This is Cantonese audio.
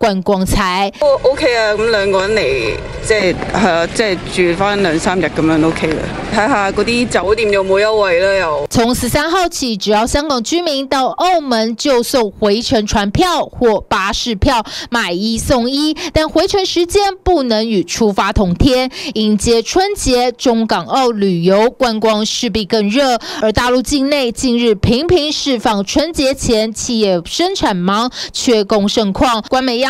觀光踩都、oh, OK 啊，咁兩個人嚟即係係啊，即係住翻兩三日咁樣 OK 啦。睇下嗰啲酒店有冇優惠啦又。從十三號起，只要香港居民到澳門就送回程船票或巴士票，買一送一，但回程時間不能與出發同天。迎接春節，中港澳旅遊觀光勢必更熱，而大陸境內近日頻頻釋放春節前企業生產忙、缺工盛況，官媒央。